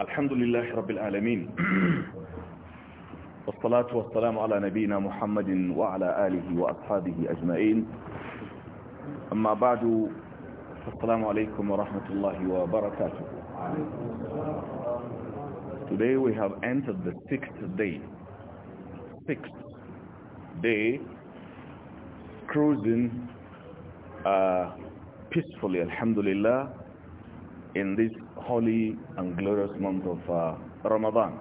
الحمد لله رب العالمين والصلاة والسلام على نبينا محمد وعلى آله وأصحابه أجمعين أما بعد Assalamu alaikum wa rahmatullahi wa barakatuh. Today we have entered the sixth day. Sixth day cruising uh, peacefully, alhamdulillah, in this holy and glorious month of uh, Ramadan.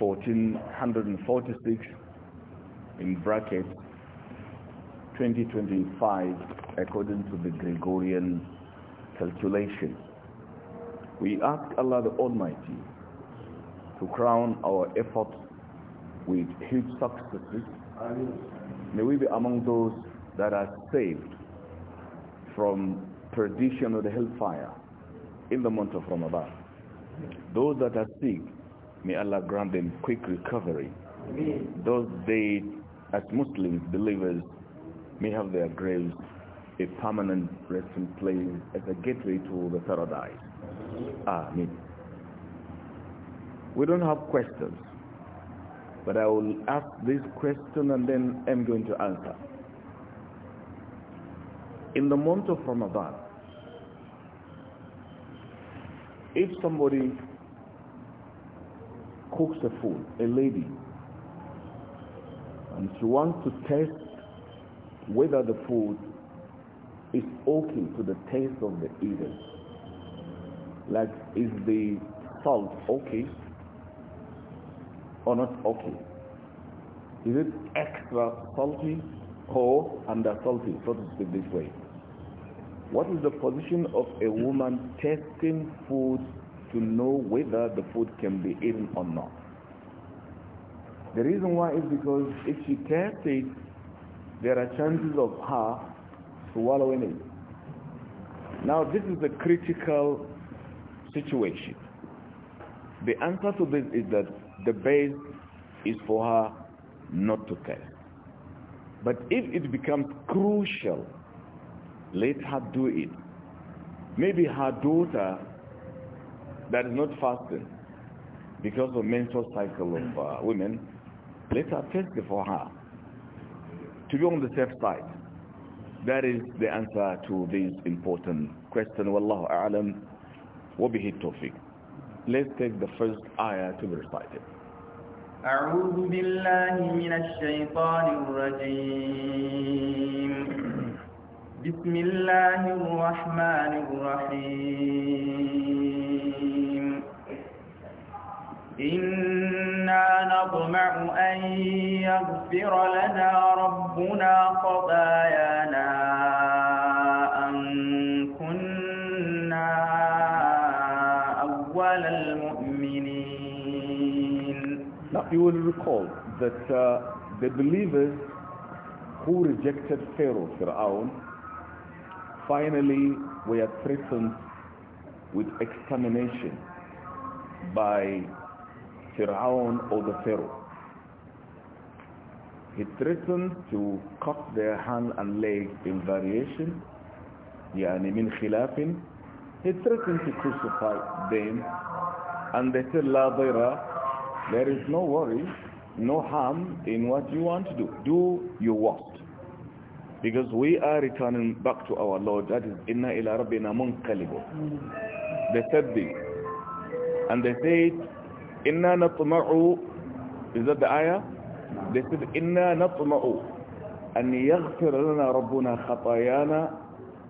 1446 in brackets 2025 according to the Gregorian calculation. We ask Allah the Almighty to crown our efforts with huge successes. May we be among those that are saved from perdition or the hellfire in the month of Ramadan. Those that are sick, may Allah grant them quick recovery. Those they, as Muslims, believers, may have their graves a permanent resting place as a gateway to the paradise. Amen. We don't have questions, but I will ask this question and then I'm going to answer. In the month of Ramadan, if somebody cooks a food, a lady, and she wants to taste whether the food is okay to the taste of the eater. Like, is the salt okay or not okay? Is it extra salty or under salty, so to speak this way? What is the position of a woman tasting food to know whether the food can be eaten or not? The reason why is because if she tests it there are chances of her swallowing it. Now this is a critical situation. The answer to this is that the base is for her not to test. But if it becomes crucial, let her do it. Maybe her daughter that is not fasting because of menstrual cycle of uh, women, let her test for her to be on the safe side. That is the answer to this important question. Wallahu a'lam wa bihi tawfiq. Let's take the first ayah to be recited. أعوذ بالله من الشيطان الرجيم بسم الله الرحمن الرحيم إنا نطمع أن يغفر لنا ربنا خطايانا أن كنا أول المؤمنين Now you will recall that uh, the believers who rejected Pharaoh, Fir'aun, finally were threatened with extermination by Fir'aun or the Pharaoh. He threatened to cut their hand and leg in variation, يعني من خلاف. He threatened to crucify them and they said, لا ضير, there is no worry, no harm in what you want to do. Do your worst. Because we are returning back to our Lord. That is, إِنَّا إِلَىٰ رَبِّنَا مُنْقَلِبُ They said this. And they said, إنا نطمع إذا الآية إنا نطمع أن يغفر لنا ربنا خطايانا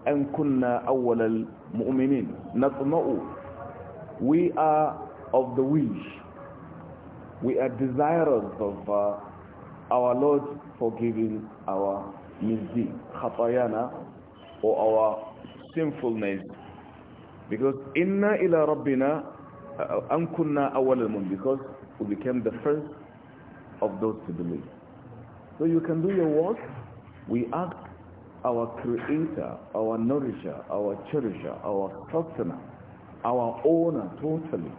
أن كنا أول المؤمنين نطمع We are of the wish We are desirous of uh, our Lord forgiving our misdi خطايانا or our sinfulness because إنا إلى ربنا an kunna awal because we became the first of those to believe. So you can do your work. We ask our creator, our nourisher, our cherisher, our sustainer, our owner totally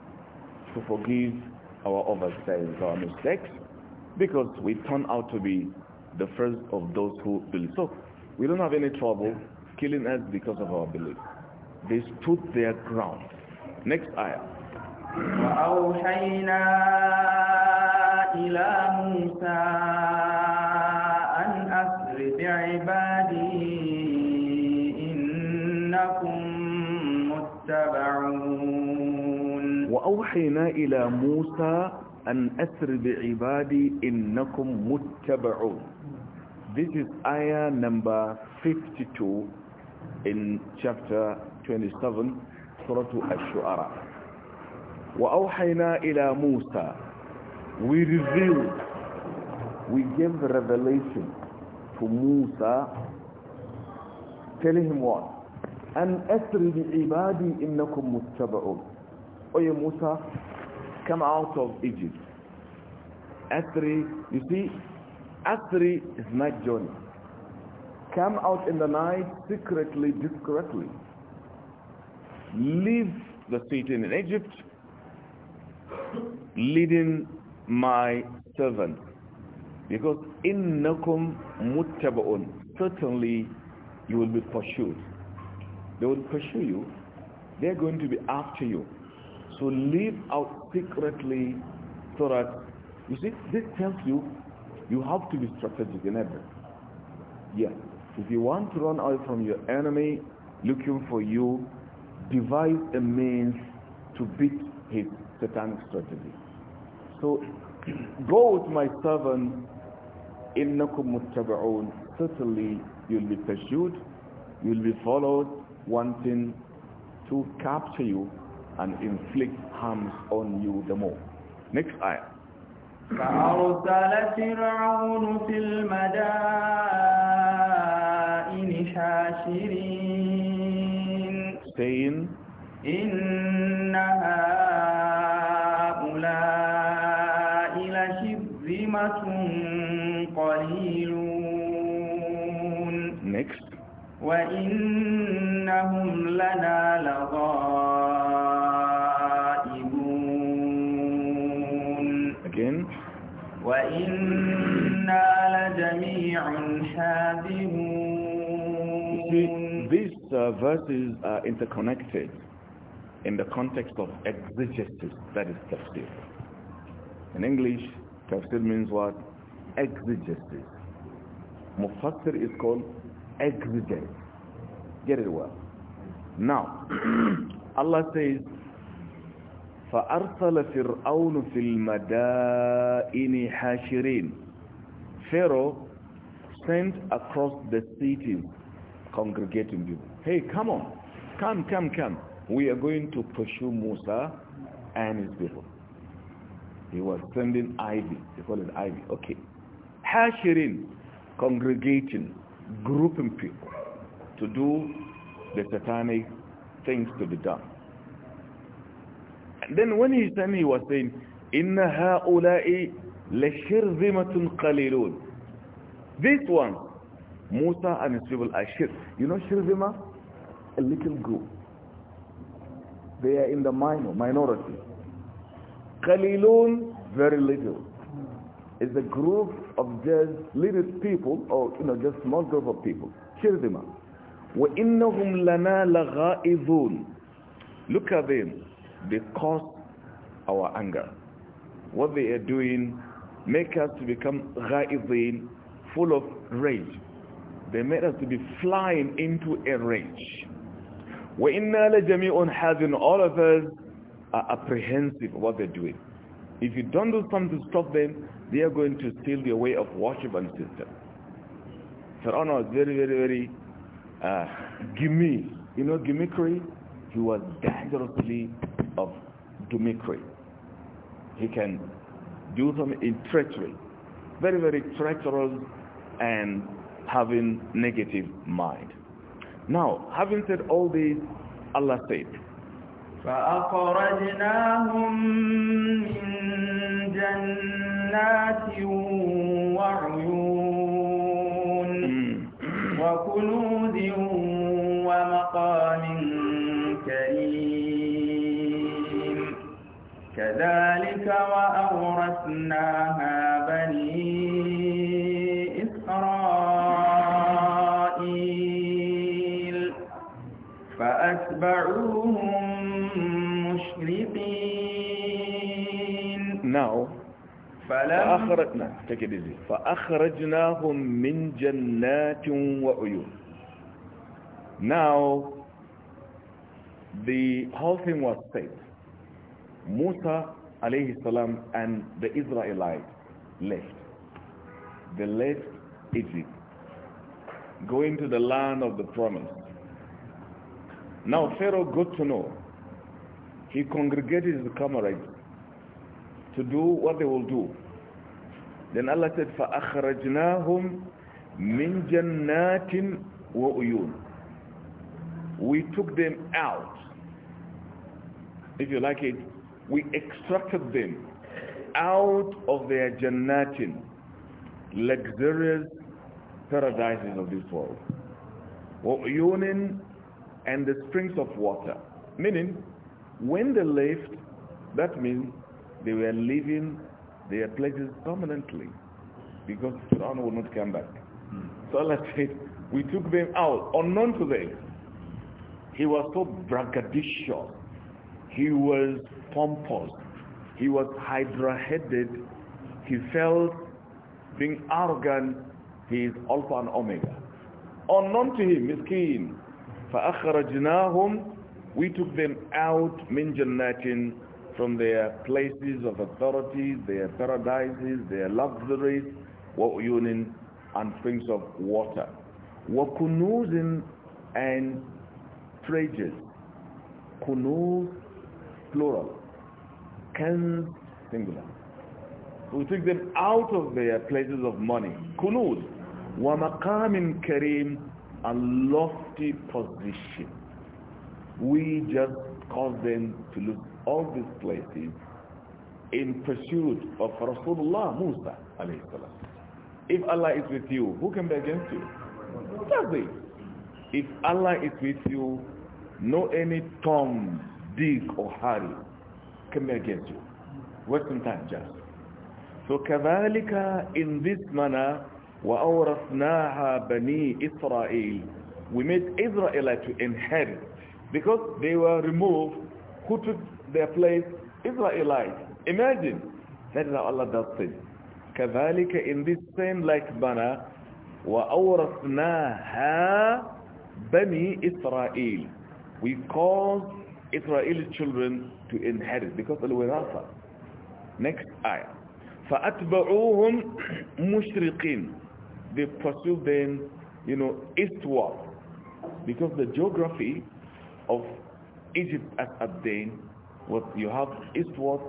to forgive our oversights, our mistakes, because we turn out to be the first of those who believe. So we don't have any trouble killing us because of our belief. They stood their ground. Next ayah. وأوحينا إلى موسى أن أسر بعبادي إنكم متبعون وأوحينا إلى موسى أن أسر بعبادي إنكم متبعون This is ayah number 52 in chapter 27 Surah al shuara We revealed, we gave the revelation to Musa, telling him what? asri أَسْرِ ibadi, إِنَّكُمْ مُتَّبَعُونَ Oh yeah, Musa, come out of Egypt. Asri, you see, Asri is night journey. Come out in the night secretly, discreetly. Leave the city in Egypt leading my servant because innakum muttaba'un certainly you will be pursued they will pursue you they're going to be after you so live out secretly so that you see this tells you you have to be strategic in everything yes if you want to run away from your enemy looking for you devise a means to beat his satanic strategy. So go with my servant, innakum muttaba'un. Certainly you'll be pursued, you'll be followed, wanting to capture you and inflict harms on you the more. Next ayah. فأرسل فرعون في المدائن حاشرين saying إن هذا قليلون Next. وإنهم لنا لغائبون Again. وإنا لجميع حاذرون These uh, verses are interconnected in the context of exegesis, that is tafsir. In English, Tafsir means what? Exegesis. Mufassir is called exegesis. Get it well. Now, Allah says, فأرسل فرعون في المدائن حاشرين Pharaoh sent across the city, congregating people. Hey, come on. Come, come, come. We are going to pursue Musa and his people. He was sending ivy. They call it ivy. Okay. Hashirin, congregating, grouping people to do the satanic things to be done. And then when he said he was saying, إِنَّ هَؤُلَاءِ لَشِرْذِمَةٌ قَلِيلُونَ This one, Musa and his people are shir. You know shirvima? A little group. They are in the minor, minority. Qalilun, very little. It's a group of just little people, or you know, just small group of people. Shirima. وَإِنَّهُمْ لَنَا لَغَائِذُونَ Look at them. They cause our anger. What they are doing make us to become غَائِذِينَ, full of rage. They made us to be flying into a rage. وَإِنَّا لَجَمِيعٌ حَذِنَ All of us are apprehensive of what they're doing. If you don't do something to stop them, they are going to steal your way of worship and system. Pharaoh was very, very, very uh, gimme. You know gimmickry? He was dangerously of gimmickry. He can do something in treachery. Very, very treacherous and having negative mind. Now, having said all this, Allah said, فأخرجناهم من جنات وعيون وكنوز ومقام كريم كذلك وأورثناها فأخرجنا take فأخرجناهم من جنات وعيون now the whole thing was said Musa alayhi salam and the Israelites left they left Egypt going to the land of the promise now Pharaoh got to know he congregated his comrades to do what they will do. Then Allah said, فَأَخْرَجْنَاهُمْ مِنْ جَنَّاتٍ وَأُيُونَ We took them out. If you like it, we extracted them out of their jannatin, luxurious paradises of this world. وَأُيُونٍ and the springs of water. Meaning, when they left, that means they were leaving their places permanently because Fir'aun would not come back. Hmm. So Allah said, we took them out, unknown to them. He was so braggadocious. He was pompous. He was hydra-headed. He felt being arrogant. He is Alpha and Omega. Unknown to him, miskin. فَأَخْرَجْنَاهُمْ We took them out, min from their places of authority, their paradises, their luxuries, وَعْيُنٍ and springs of water. Wa'kunuzin and treasures. Kunuz, plural. Can, singular. We took them out of their places of money. Kunuz. وَمَقَامٍ كَرِيمٍ a lofty position. We just caused them to lose all these places in pursuit of Rasulullah Musa If Allah is with you, who can be against you? Nothing. If Allah is with you, no any Tom, Dick or Harry can be against you. Western time just. So كذلك in this manner وأورثناها بني إسرائيل We made Israelites to inherit because they were removed who took their place Israelites. Imagine. That is how Allah does it. كَذَلِكَ in this same like banner وَأَوْرَثْنَاهَا بَنِي إِسْرَائِيل We cause Israel's children to inherit because al-wirasa. Next ayah. فَأَتْبَعُوهُمْ مُشْرِقِينَ They pursued them, you know, eastward because the geography of Egypt at that day what you have eastward,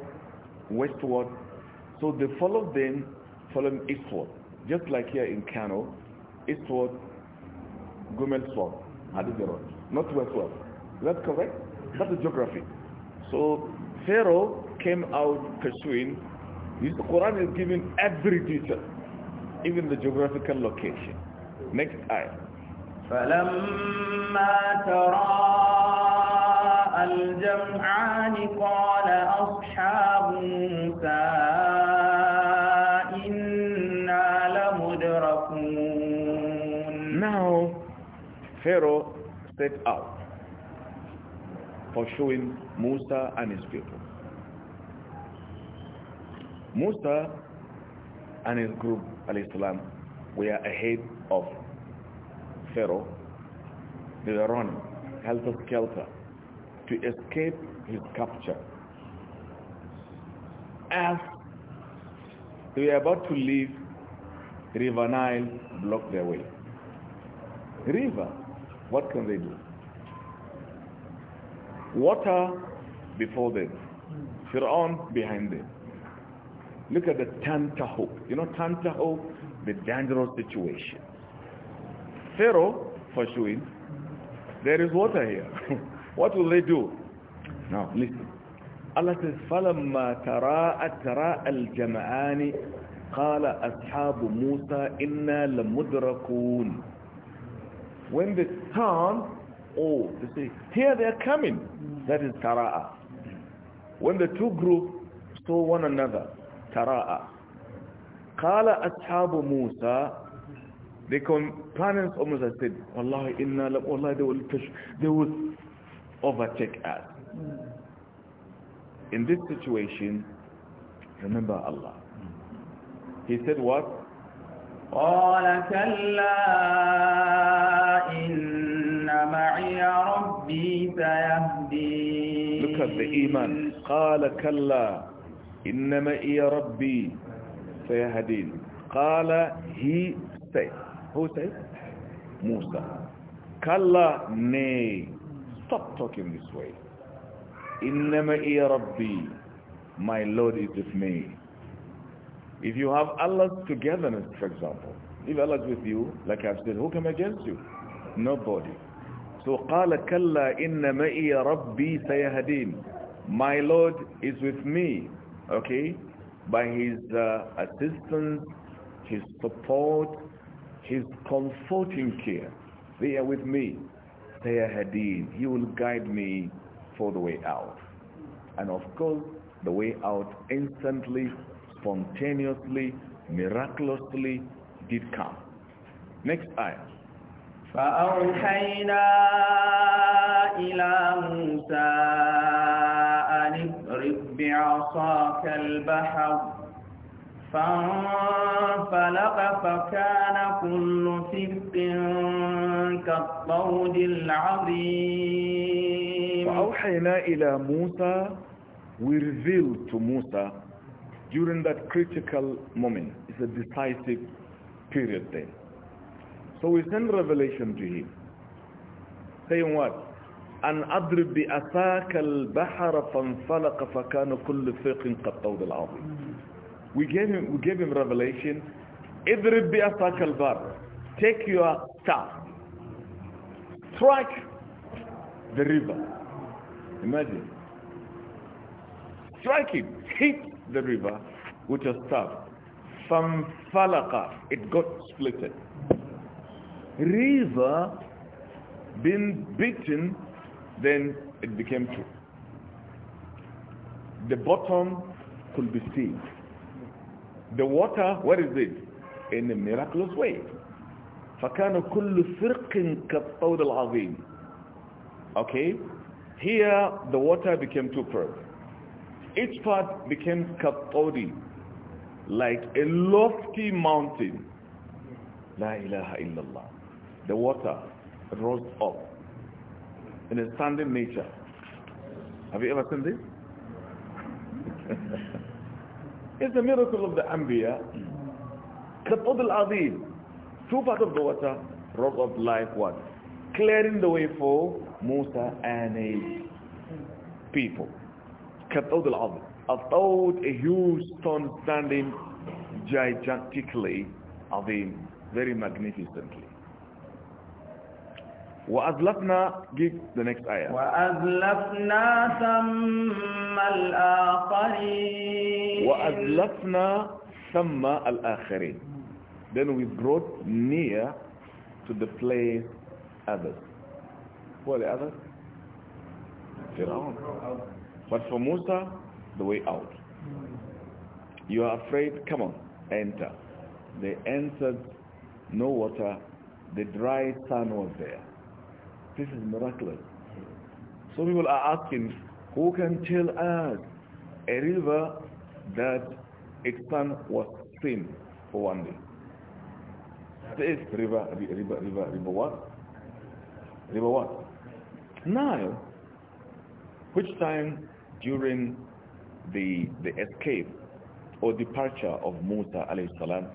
westward. So they follow them, follow them eastward. Just like here in Kano, eastward, Gomel Swab, Hadizero, not westward. Is that correct? That's the geography. So Pharaoh came out pursuing. His Quran is giving every detail, even the geographical location. Next ayah. فَلَمَّا تَرَى الجمعان قال أصحاب موسى إنا لمدركون Now Pharaoh set out for showing Musa and his people. Musa and his group, al-Islam, were ahead of Pharaoh. They were running, helter-skelter. to escape his capture. As they were about to leave, River Nile blocked their way. River, what can they do? Water before them, Fir'aun behind them. Look at the Tantaho. You know Tantaho, the dangerous situation. Pharaoh, for sure, there is water here. What will they do? Now, listen. Allah says, فَلَمَّا تَرَاءَ تَرَاءَ الْجَمَعَانِ قَالَ أَصْحَابُ مُوسَى إِنَّا لَمُدْرَكُونَ When the storm, oh, they say, here they are coming. That is tara'a. When the two groups saw one another, tara'a. قَالَ أَصْحَابُ مُوسَى The companions of Musa said, Wallahi, inna, wallahi, they will, they will overtake us. In this situation, remember Allah. He said what? قال كلا إن معي ربي سيهدين Look at the iman. قال كلا إن معي ربي سيهدين قال he said. Who said? Musa. كَلَّا نَي Stop talking this way. Inna إِيَ رَبِّي My Lord is with me. If you have Allah's togetherness, for example, if Allah is with you, like I've said, who come against you? Nobody. So قَالَ كَلَّا إِنَّمَا إِيَ رَبِّي سَيَهَدِينَ My Lord is with me. Okay? By His uh, assistance, His support, His comforting care. They are with me. فَيَهَدِينَ He will guide me for the way out. And of course, the way out instantly, spontaneously, miraculously did come. Next ayah. فأوحينا إلى موسى أن اضرب بعصاك البحر فانفلق فكان كل فرق كالطود العظيم فأوحينا إلى موسى we revealed to Musa during that critical moment it's a decisive period there. so we send revelation to him saying what أن أضرب بأساك البحر فانفلق فكان كل فرق قد طود العظيم We gave him, we gave him revelation. Idrib bi'asak al-bar. Take your staff. Strike the river. Imagine. Strike it. Hit the river with your staff. From Falaka, it got splitted. River been beaten, then it became two. The bottom could be seen the water, what is it? In a miraculous way. فَكَانَ كُلُّ فِرْقٍ كَالطَّوْدِ الْعَظِيمِ Okay? Here, the water became two parts. Each part became كَالطَّوْدِ like a lofty mountain. La ilaha illallah. The water rose up in a standing nature. Have you ever seen this? It's a miracle of the Anbiya. Qatad al-Azim. Two parts of the water, rock of life, what? Clearing the way for Musa and his people. Qatad al-Azim. Qatad, a huge stone standing gigantically, Azim, very magnificently. وأزلفنا give the next ayah وأزلفنا ثم الآخرين وأزلفنا ثم الآخرين then we brought near to the place others who are the others? Fir'aun but for Musa the way out you are afraid come on enter they entered no water the dry sand was there this is miraculous. So people are asking, who can tell us a river that its son was seen for one day? This river, river, river, river what? River what? Nile. Which time during the, the escape or departure of Musa alayhi salam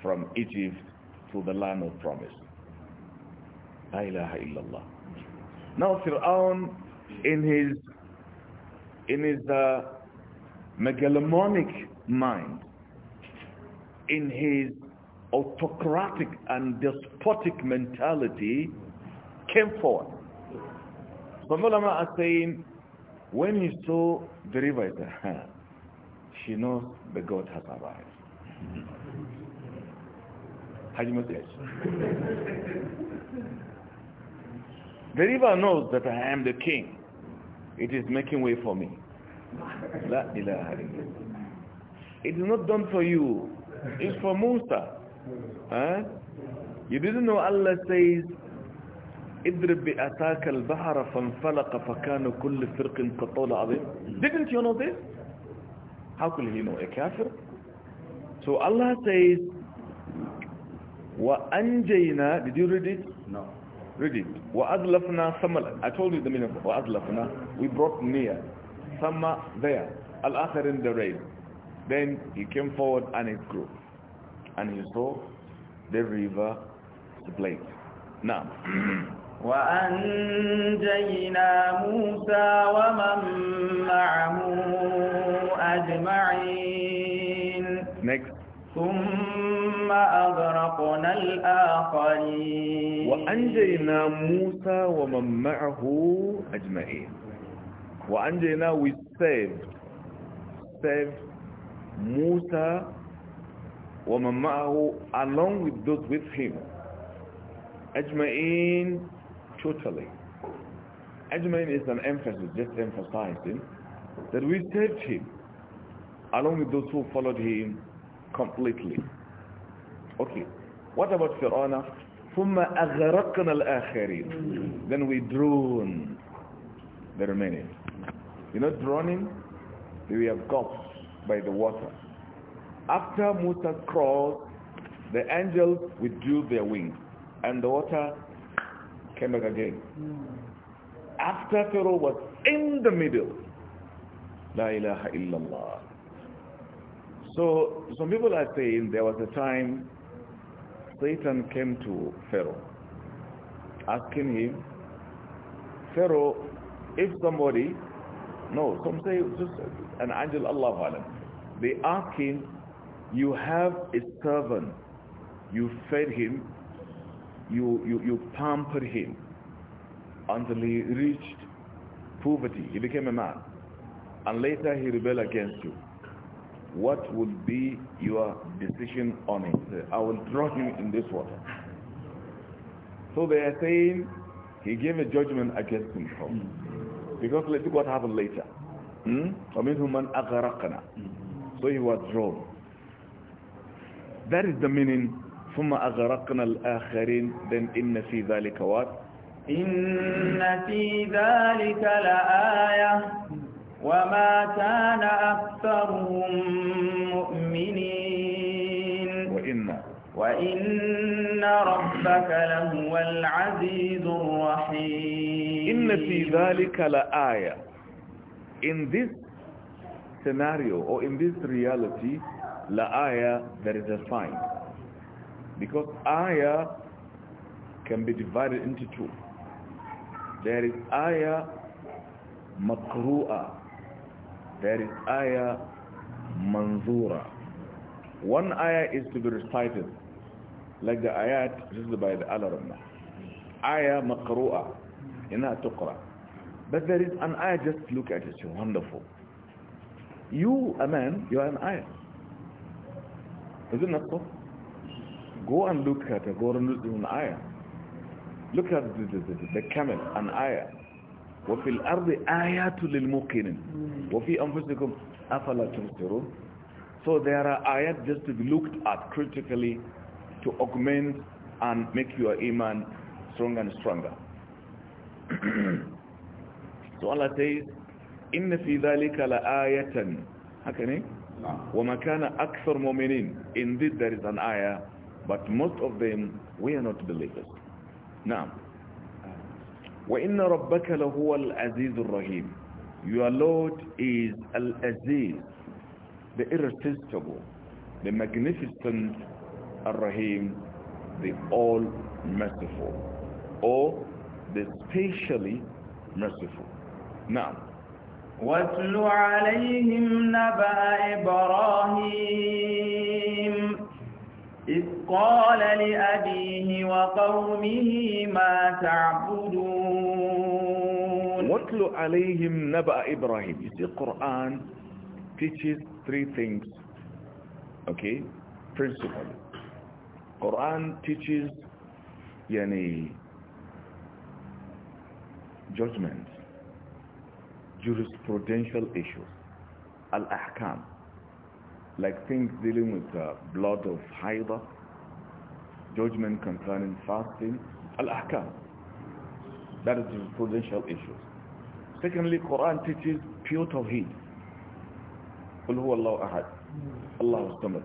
from Egypt to the land of promise. La ilaha illallah. Now Fir'aun in his in his uh, megalomaniac mind, in his autocratic and despotic mentality came forward. Some ulama are saying when he saw the river in her she knows the God has arrived. Hajj Matias. The river knows that I am the king. It is making way for me. It is not done for you. It's for Musa. Huh? You didn't know Allah says, اضرب بأتاك البحر فانفلق فكان كل فرق كطول عظيم. Didn't you know this? How could he know? A kafir? So Allah says, وَأَنْجَيْنَا Did you read it? No. Read it. وَأَذْلَفْنَا ثَمَلًا I told you the meaning of وَأَذْلَفْنَا We brought near. Thumma there. Al-Akhir in the rain. Then he came forward and it grew. And he saw the river split. Now. وأنجينا موسى ومن معه أجمعين Next. ثم أغرقنا الآخرين وأنجينا موسى ومن معه أجمعين وأنجينا we saved saved موسى ومن معه along with those with him أجمعين totally أجمعين is an emphasis just emphasizing that we saved him along with those who followed him completely Okay. What about Fir'auna? ثُمَّ أَغْرَقْنَا الْآخَرِينَ Then we drown the remaining. You know drowning? We have gulped by the water. After Musa crawled, the angels withdrew their wings and the water came back again. After Pharaoh was in the middle, La ilaha illallah. So some people are saying there was a time Satan came to Pharaoh, asking him, Pharaoh, if somebody, no, some say just an angel, Allah Alam, they ask him, you have a servant, you fed him, you, you, you pampered him until he reached poverty, he became a man, and later he rebelled against you what would be your decision on it? I will throw him in this water. So they are saying he gave a judgment against himself. Because let's see what happened later. Hmm? So he was drawn. That is the meaning ثم أغرقنا الآخرين then إن في ذلك what إن في ذلك لآية وما كان أكثرهم مؤمنين وإن وإن ربك لهو العزيز الرحيم إن في ذلك لآية In this scenario or in this reality لآية there is a sign because آية can be divided into two there is آية makru'ah There is ayah manzura. One ayah is to be recited, like the ayat recited by the Al-Ramah. Ayah maqru'a, ina tuqra. But there is an ayah, just look at it, it's wonderful. You, a man, you are an ayah. Is it not so? Go and look at it, go and look at an ayah. Look at the, the, the, the camel, an ayah. وفي الأرض آيات للموقنين وفي أنفسكم أفلا تنصرون So there are ayat just to be looked at critically to augment and make your iman stronger and stronger. so Allah says, إِنَّ فِي ذَلِكَ لَآيَةً Hakani? وَمَكَانَ أَكْثَرْ مُؤْمِنِينَ Indeed there is an ayah, but most of them we are not believers. Now, وَإِنَّ رَبَّكَ لَهُوَ الْعَزِيزُ الرَّحِيمُ Your Lord is Al-Aziz, the irresistible, the magnificent Ar-Rahim, the all-merciful, or the spatially merciful. Now, وَاتْلُ عَلَيْهِمْ نَبَأَ إِبْرَاهِيمَ قال لأبيه وقومه ما تعبدون واتلو عليهم نبأ إبراهيم You see Quran teaches three things Okay Principally Quran teaches يعني judgment jurisprudential issues al-ahkam like things dealing with the blood of haidah judgment concerning fasting, al-ahkam. That is the prudential issues. Secondly, Quran teaches pure tawheed. قل هو الله أحد الله الصمد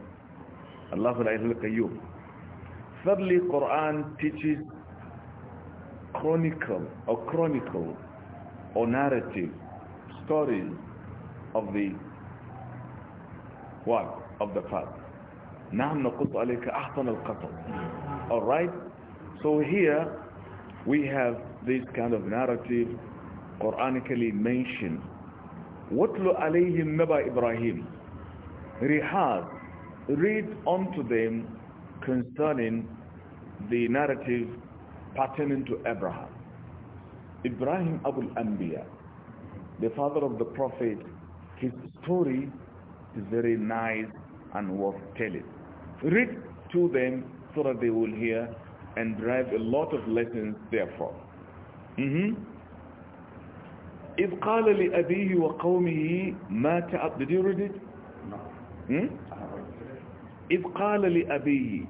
الله لا إله Thirdly, Quran teaches chronicle or chronicle or narrative stories of the what? Of the past. نعم نقص عليك أحسن القصص all right so here we have this kind of narrative Quranically mentioned وَاتْلُ عَلَيْهِمْ نَبَى إِبْرَاهِيم Rihad, read unto them concerning the narrative pertaining to Abraham. Ibrahim Abul Anbiya, the father of the prophet, his story is very nice and worth telling. Read to them so that they will hear and drive a lot of lessons therefrom. Mm-hmm. إذ قال لأبيه وقومه ما تعب Did you read it? No. Hmm? إذ قال لأبيه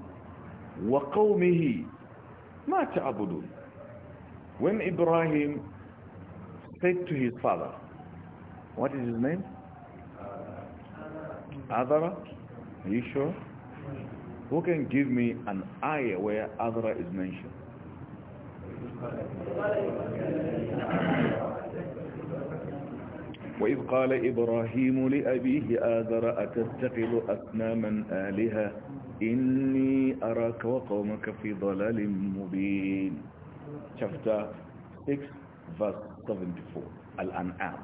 وقومه ما تعبدون When Ibrahim said to his father, what is his name? Uh, Adara? Are you sure? Who can give me an ayah where Adra is mentioned? وإذ قال إبراهيم لأبيه آذر أتتخذ أثناما آلهة إني أراك وقومك في ضلال مبين chapter 6 verse 74 الأنعام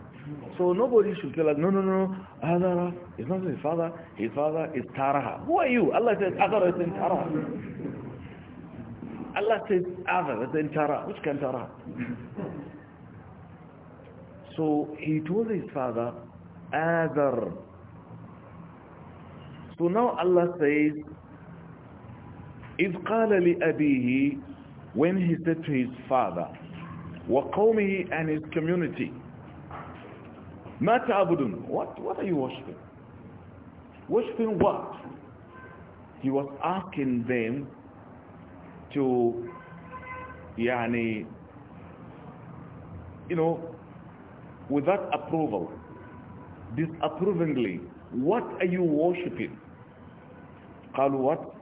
So nobody should tell us, no, no, no, Azara is not his father, his father is Taraha. Who are you? Allah says Azara is in Taraha. Allah says Azara is in Taraha. Which can Taraha? so he told his father, Azar. So now Allah says, إِذْ قَالَ لِأَبِيهِ When he said to his father, وَقَوْمِهِ and his community, Mata Abudun, what, what are you worshipping? Worshipping what? He was asking them to yani, you know without approval disapprovingly what are you worshipping قالوا what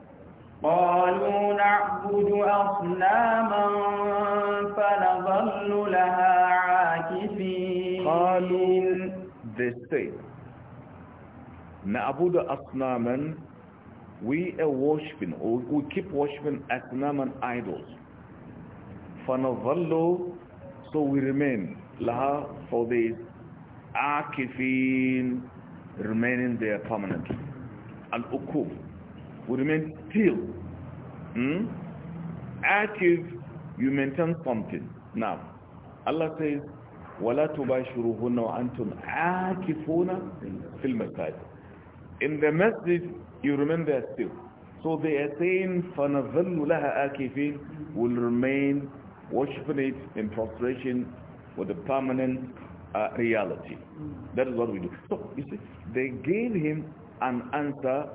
قالوا نعبد أصناما فنظل لها عاكفين قالوا they say, Na'budu asnaman, we are worshiping, we keep worshiping asnaman idols. Fanadhallu, so we remain, laha, for this, akifin, remaining there permanently. and ukuf we remain still. Hmm? Active, you maintain something. Now, Allah says, ولا tubashiruhunna wa antum akifuna fil in the masjid you remember still so they attain فَنَظَلُّ لَهَا آكِفِينَ will remain worshiping it in prostration with the permanent uh, reality. That is what we do. So, you see, they gave him an answer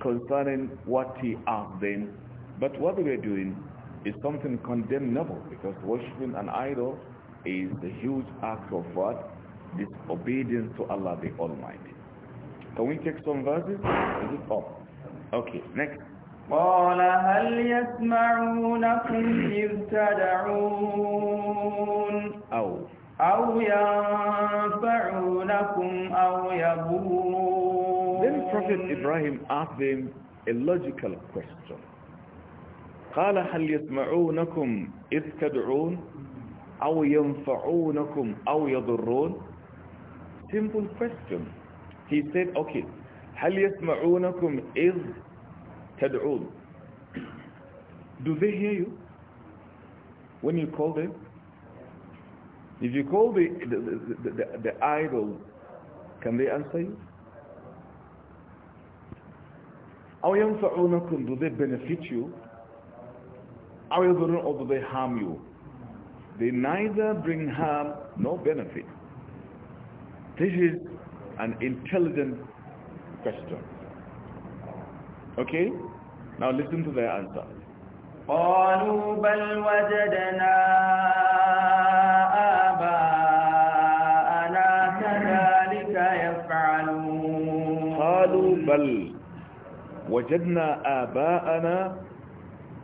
concerning what he asked them. But what we are doing is something condemnable because worshiping an idol is the huge act of what? Disobedience to Allah the Almighty. Can we take some verses? Is it up? Okay, next. قال هل يسمعونكم إذ تدعون أو أو ينفعونكم أو يبون Then Prophet Ibrahim asked them a logical question. قال هل يسمعونكم إذ تدعون أو ينفعونكم أو يضرون simple question he said okay هل يسمعونكم إذ تدعون do they hear you when you call them if you call the the, the, the, the idol can they answer you أو ينفعونكم do they benefit you أو يضرون or do they harm you they neither bring harm nor benefit. This is an intelligent question. Okay? Now listen to their answer. قالوا بل وجدنا آباءنا كذلك يفعلون قالوا بل وجدنا آباءنا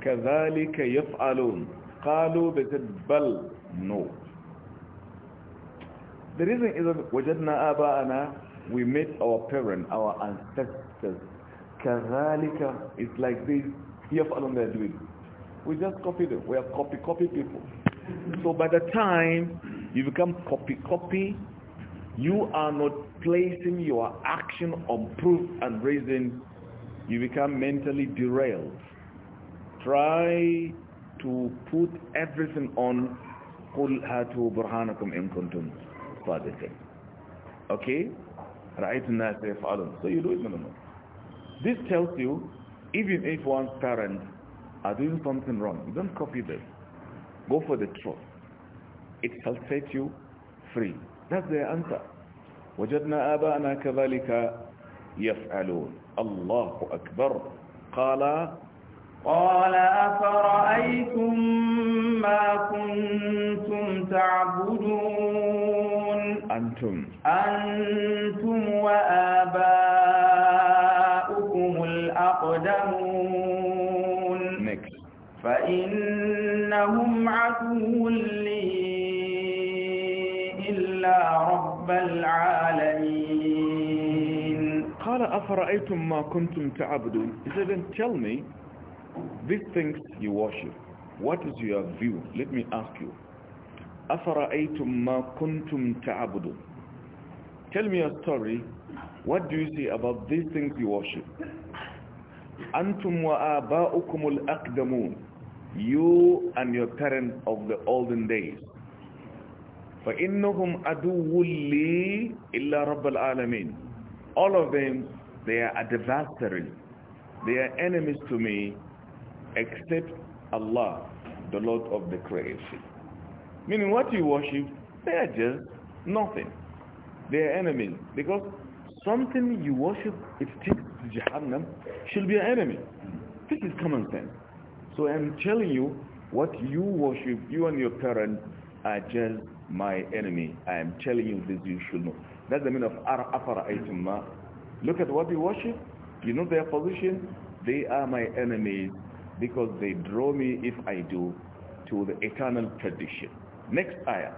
كذلك يفعلون قالوا they said bal no the reason is that وجدنا آباءنا we met our parents our ancestors كذلك it's like this يفعلون their doing we just copy them we are copy copy people so by the time you become copy copy you are not placing your action on proof and reason you become mentally derailed try to put everything on قُلْ هَاتُوا بُرْهَانَكُمْ إِن كُنْتُمْ صَادِقِينَ Okay? رَأَيْتُ النَّاسَ يَفْعَلُونَ So you do it, no, no, This tells you, even if one's parents are doing something wrong, don't copy them. Go for the truth. It shall set you free. That's the answer. وَجَدْنَا آبَاءَنَا كَذَلِكَ يَفْعَلُونَ الله أكبر قال قال أفرأيتم ما كنتم تعبدون أنتم أنتم وآباؤكم الأقدمون Next. فإنهم عدو لي إلا رب العالمين قال أفرأيتم ما كنتم تعبدون إذا said then These things you worship, what is your view? Let me ask you. أَفَرَأَيْتُمْ ma kuntum تَعْبُدُونَ Tell me a story. What do you say about these things you worship? Antum أَنْتُمْ ukumul الْأَقْدَمُونَ You and your parents of the olden days. innohum adu لِي illa رَبَّ alamin. All of them, they are adversaries. They are enemies to me except Allah, the Lord of the creation. Meaning what you worship, they are just nothing. They are enemies. Because something you worship, it takes to Jahannam, should be an enemy. This is common sense. So I'm telling you, what you worship, you and your parents are just my enemy. I am telling you this, you should know. That's the meaning of أَفَرَأَيْتُمْ مَا Look at what you worship. You know their position. They are my enemies because they draw me if I do to the eternal perdition. Next ayah.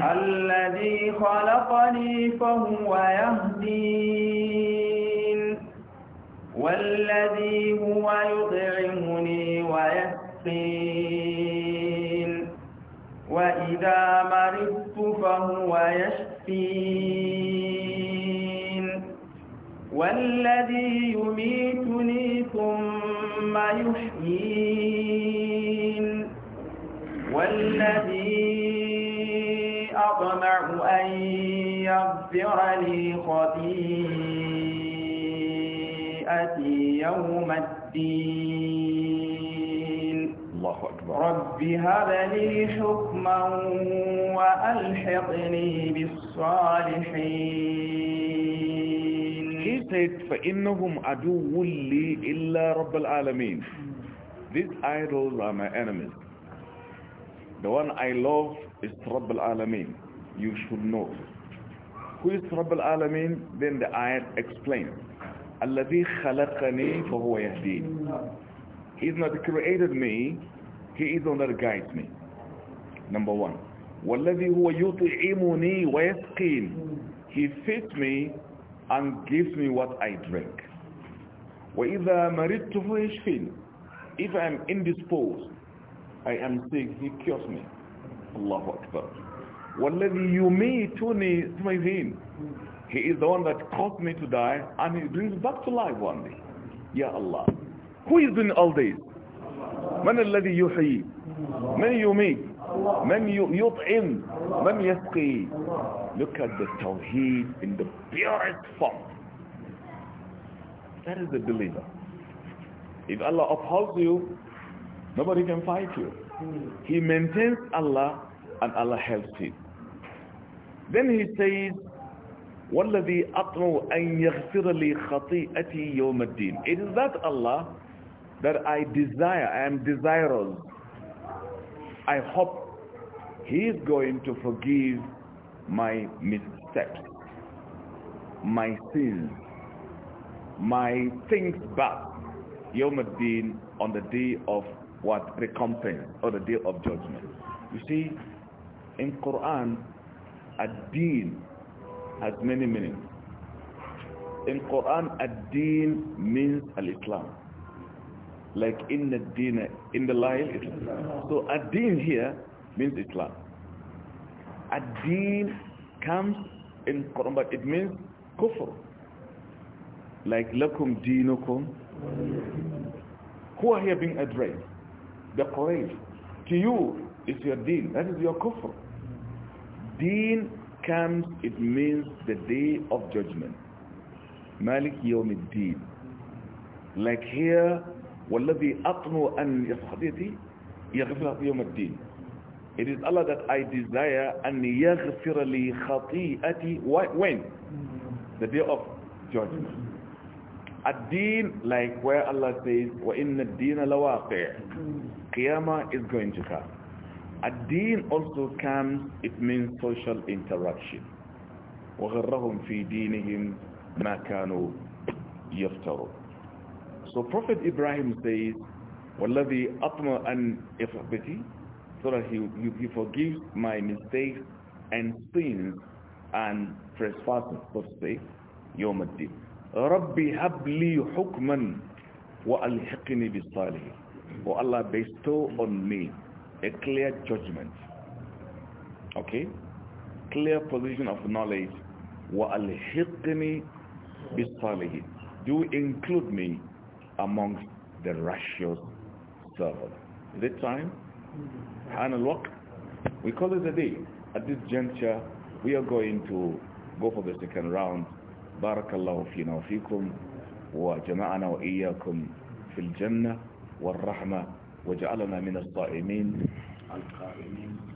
الذي خلقني فهو يهدين والذي هو يطعمني ويسقين وإذا مرضت فهو يشفين والذي يميتني ثم يحيين والذي أطمع أن يغفر لي خطيئتي يوم الدين الله أكبر رب هب لي حكما وألحقني بالصالحين said, فَإِنَّهُمْ أَدُوٌّ لِي إِلَّا رَبَّ الْعَالَمِينَ These idols are my enemies. The one I love is Rabb al-Alamin. You should know. Who is Rabb al-Alamin? Then the ayat explains. الَّذِي خَلَقَنِي فَهُوَ يَهْدِينَ He is not created me. He is on that guides me. Number one. وَالَّذِي هُوَ يُطِعِمُنِي وَيَسْقِينَ He feeds me and gives me what I drink. وَإِذَا مَرِضْتُ فَيَشْفِينِ If I am indisposed, I am sick, he cures me. Allahu Akbar. وَالَّذِي يُمِيتُنِي تُمَيْذِينَ He is the one that caused me to die and he brings back to life one day. Ya Allah. Who is doing all this? من الذي يحيي من يميت من يطعم من يسقي Look at the Tawheed in the purest form. That is the believer. If Allah upholds you, nobody can fight you. He maintains Allah and Allah helps him. Then he says, وَالَّذِي أَطْرُوا أَنْ يَغْفِرَ لِي خَطِيئَتِي يَوْمَ الدِّينِ It is that Allah that I desire, I am desirous. I hope He is going to forgive my missteps, my sins, my things back, Yom Din on the day of what? Recompense or the day of judgment. You see, in Quran, a din has many meanings. In Quran, a din means al-Islam. Like in the din, in the line, So a din here means Islam ad-deen comes in Quran, but it means kufr. Like lakum dinukum. Who are here being addressed? The Quraysh. To you is your deen. That is your kufr. Deen comes, it means the day of judgment. Malik yawmiddin. Like here, وَالَّذِي أَطْنُوا أَنْ يَصْحَدِيَتِي يَغْفِرَ يَوْمَ الدِّينِ it is Allah that I desire أن يغفر لي خطيئتي when? The day of judgment. a deen like where Allah says, وَإِنَّ الدِّينَ لَوَاقِعِ Qiyamah is going to come. a deen also comes, it means social interaction. وَغَرَّهُمْ فِي دِينِهِمْ مَا كَانُوا So Prophet Ibrahim says, وَالَّذِي أَطْمَأَنْ إِفْرَبِتِي so that he, he, he forgives my mistakes and sins and trespasses, so to say, يوم الدين ربي هب لي حكما وألحقني بالصالحين Oh Allah bestow on me a clear judgment okay clear position of knowledge وألحقني بالصالحين do include me amongst the righteous servants? is it time mm-hmm subhanallah we call it a day at this juncture we are going to go for the second round barakallahu fina wa fikum wa jama'ana wa iyyakum fil jannah wal rahmah waj'alna min as-sa'imin al-qa'imin